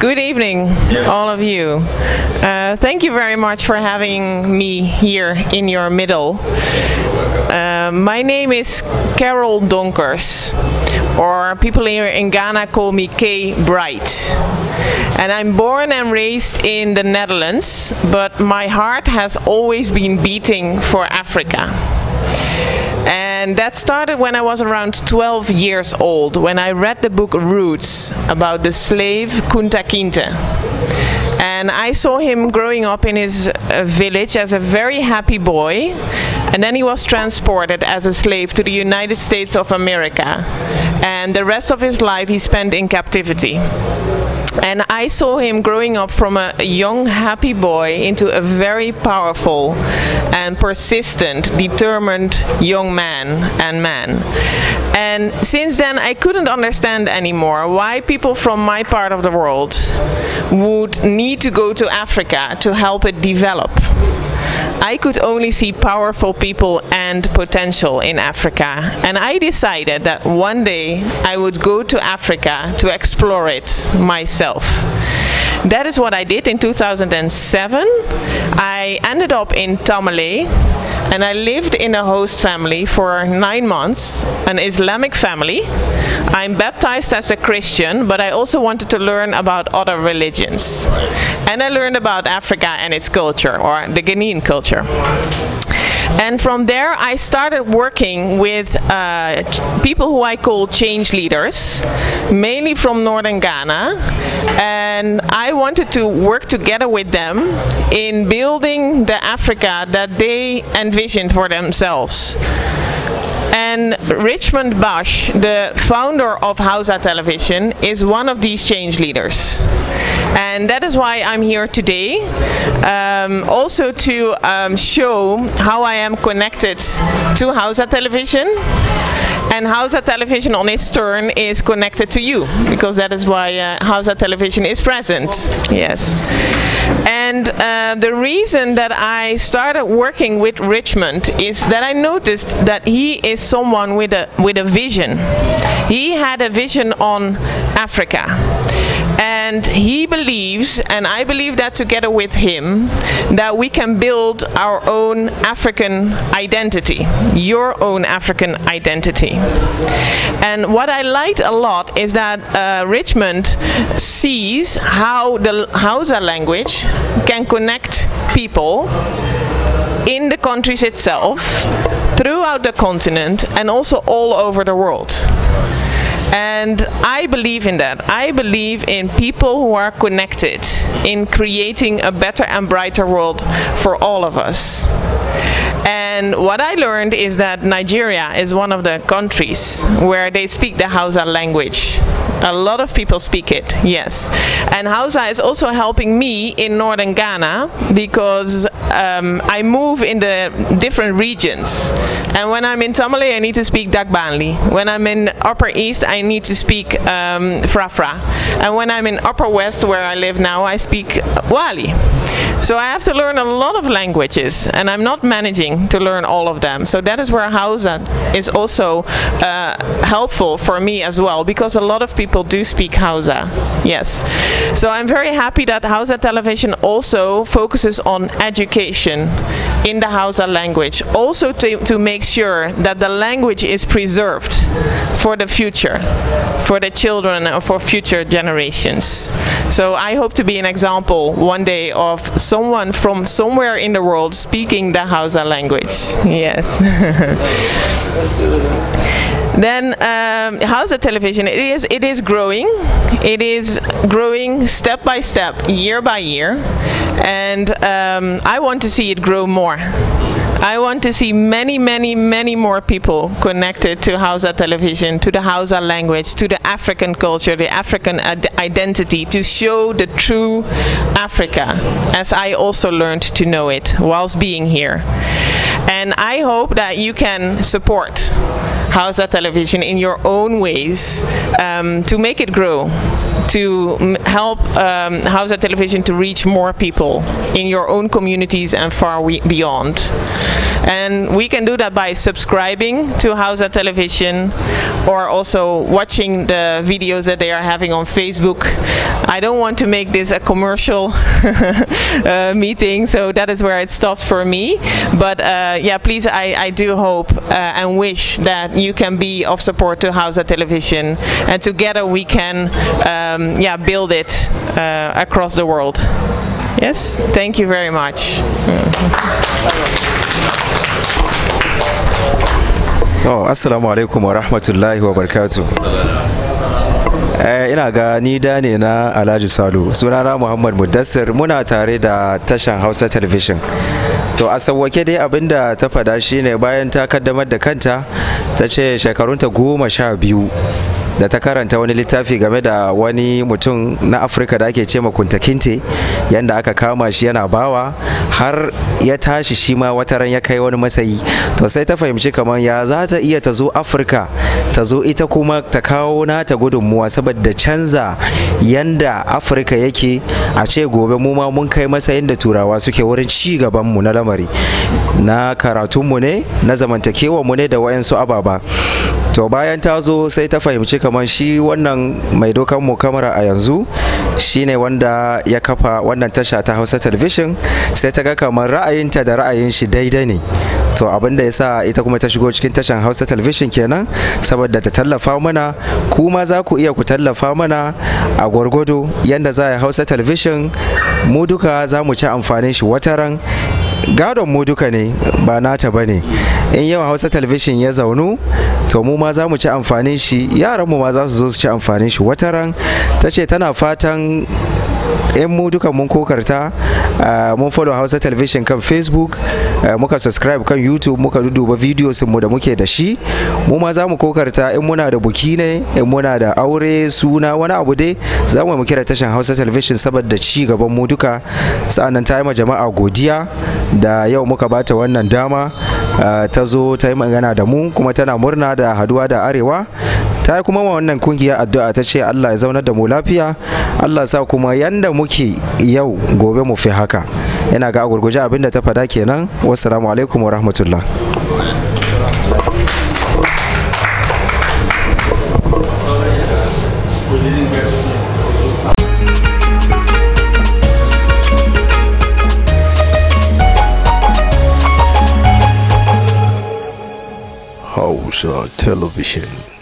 Good evening, yeah. all of you. Uh, thank you very much for having me here in your middle. Uh, my name is Carol Donkers, or people here in Ghana call me Kay Bright. And I'm born and raised in the Netherlands, but my heart has always been beating for Africa. And and that started when I was around 12 years old, when I read the book Roots about the slave Kunta Kinte. And I saw him growing up in his uh, village as a very happy boy, and then he was transported as a slave to the United States of America. And the rest of his life he spent in captivity. And I saw him growing up from a young, happy boy into a very powerful and persistent, determined young man and man. And since then, I couldn't understand anymore why people from my part of the world would need to go to Africa to help it develop. I could only see powerful people and potential in Africa. And I decided that one day I would go to Africa to explore it myself that is what I did in 2007. I ended up in Tamale and I lived in a host family for nine months, an Islamic family. I'm baptized as a Christian, but I also wanted to learn about other religions. And I learned about Africa and its culture, or the Ghanaian culture. And from there, I started working with uh, people who I call change leaders, mainly from northern Ghana. And I wanted to work together with them in building the Africa that they envisioned for themselves. And Richmond Bush, the founder of Hausa Television, is one of these change leaders and that is why I'm here today um, also to um, show how I am connected to Hausa Television and Hausa Television on its turn is connected to you because that is why uh, Hausa Television is present yes and uh, the reason that I started working with Richmond is that I noticed that he is someone with a with a vision he had a vision on Africa and he believes, and I believe that together with him, that we can build our own African identity, your own African identity. And what I liked a lot is that uh, Richmond sees how the Hausa language can connect people in the countries itself, throughout the continent, and also all over the world. And I believe in that. I believe in people who are connected in creating a better and brighter world for all of us. And what I learned is that Nigeria is one of the countries where they speak the Hausa language. A lot of people speak it, yes. And Hausa is also helping me in northern Ghana because um, I move in the different regions. And when I'm in Tamale, I need to speak Dagbanli. When I'm in Upper East, I need to speak um, Frafra. And when I'm in Upper West, where I live now, I speak Wali. So I have to learn a lot of languages, and I'm not managing to learn all of them. So that is where Hausa is also uh, helpful for me as well because a lot of people do speak Hausa. Yes. So I'm very happy that Hausa Television also focuses on education in the Hausa language, also to, to make sure that the language is preserved for the future, for the children uh, for future generations. So I hope to be an example one day of someone from somewhere in the world speaking the Hausa language language. Yes. then um, how's the television? It is it is growing. It is growing step by step, year by year, and um, I want to see it grow more. I want to see many, many, many more people connected to Hausa television, to the Hausa language, to the African culture, the African identity, to show the true Africa as I also learned to know it whilst being here and I hope that you can support that television in your own ways um, to make it grow, to help um, that television to reach more people in your own communities and far beyond. And we can do that by subscribing to that television or also watching the videos that they are having on Facebook. I don't want to make this a commercial uh, meeting, so that is where it stops for me. But uh, yeah, please, I, I do hope uh, and wish that you you can be of support to Hausa Television, and together we can um, yeah, build it uh, across the world. Yes, thank you very much. Mm. Oh, assalamu alaikum wa rahmatullahi wa barakatuh. Eh, ina ga ni da ne na alhaji salu sunana muhammad muddassir muna tare da tashan hausa television to a sauwake dai da ta fada shine bayan ta kaddamar da kanta ta ce shekarunta goma sha biyu da ta karanta wani littafi game da wani mutum na afirka da ake ce makunta kinte yadda aka kama shi yana bawa har ya tashi shi ma wata ran ya kai wani masayi to sai ta fahimci kamar ya za ta iya ta zo afirka ta zo ita kuma ta kawo na ta gudunmuwa saboda canza yadda afirka yake a ce gobe mu ma mun kai masayin da turawa suke wurin ci mu na lamari na karatunmu ne na zamantakewa mu ne da wayansu ababa to bayan ta zo sai ta fahimci kamar shi wannan mai dokan mu kamara a yanzu shine wanda ya kafa wannan tasha ta hausa television sai ta ga kamar ra'ayinta da ra'ayin shi daidai ne to abin da ya sa ita kuma ta shigo cikin tashan hausa television kenan saboda ta tallafa mana kuma za ku iya ku tallafa mana a gwargwado yadda za a hausa television mu duka za mu ci amfanin shi wataran gadon mu duka ne ba nata ba ne in yawa hausa talabishin ya zaunu to mu ma za mu ci amfanin shi yaran mu ma za su zo su ci amfanin shi wataran ta ce tana fatan yan mu duka mun kokarta ah, mun follow hausa television kan facebook ah, muka subscribe kan youtube muka duduba videos mu da muke da shi mu ma za mu kokarta in muna da buki ne in muna da aure suna wani abu dai za mu kira tashan hausa television saboda ci gaban mu duka sa'annan ta yi ma jama'a godiya da yau muka bata wannan dama ah, ta zo ta yi magana da mu kuma tana murna da haduwa da arewa ta yi kuma wannan kungiya addu'a ta ce Allah ya zaunar da mu lafiya Allah sa kuma yanda muke yau gobe mu fi haka yana ga gurguje abin da ta fada kenan wassalamu alaikum wa rahmatullah Television.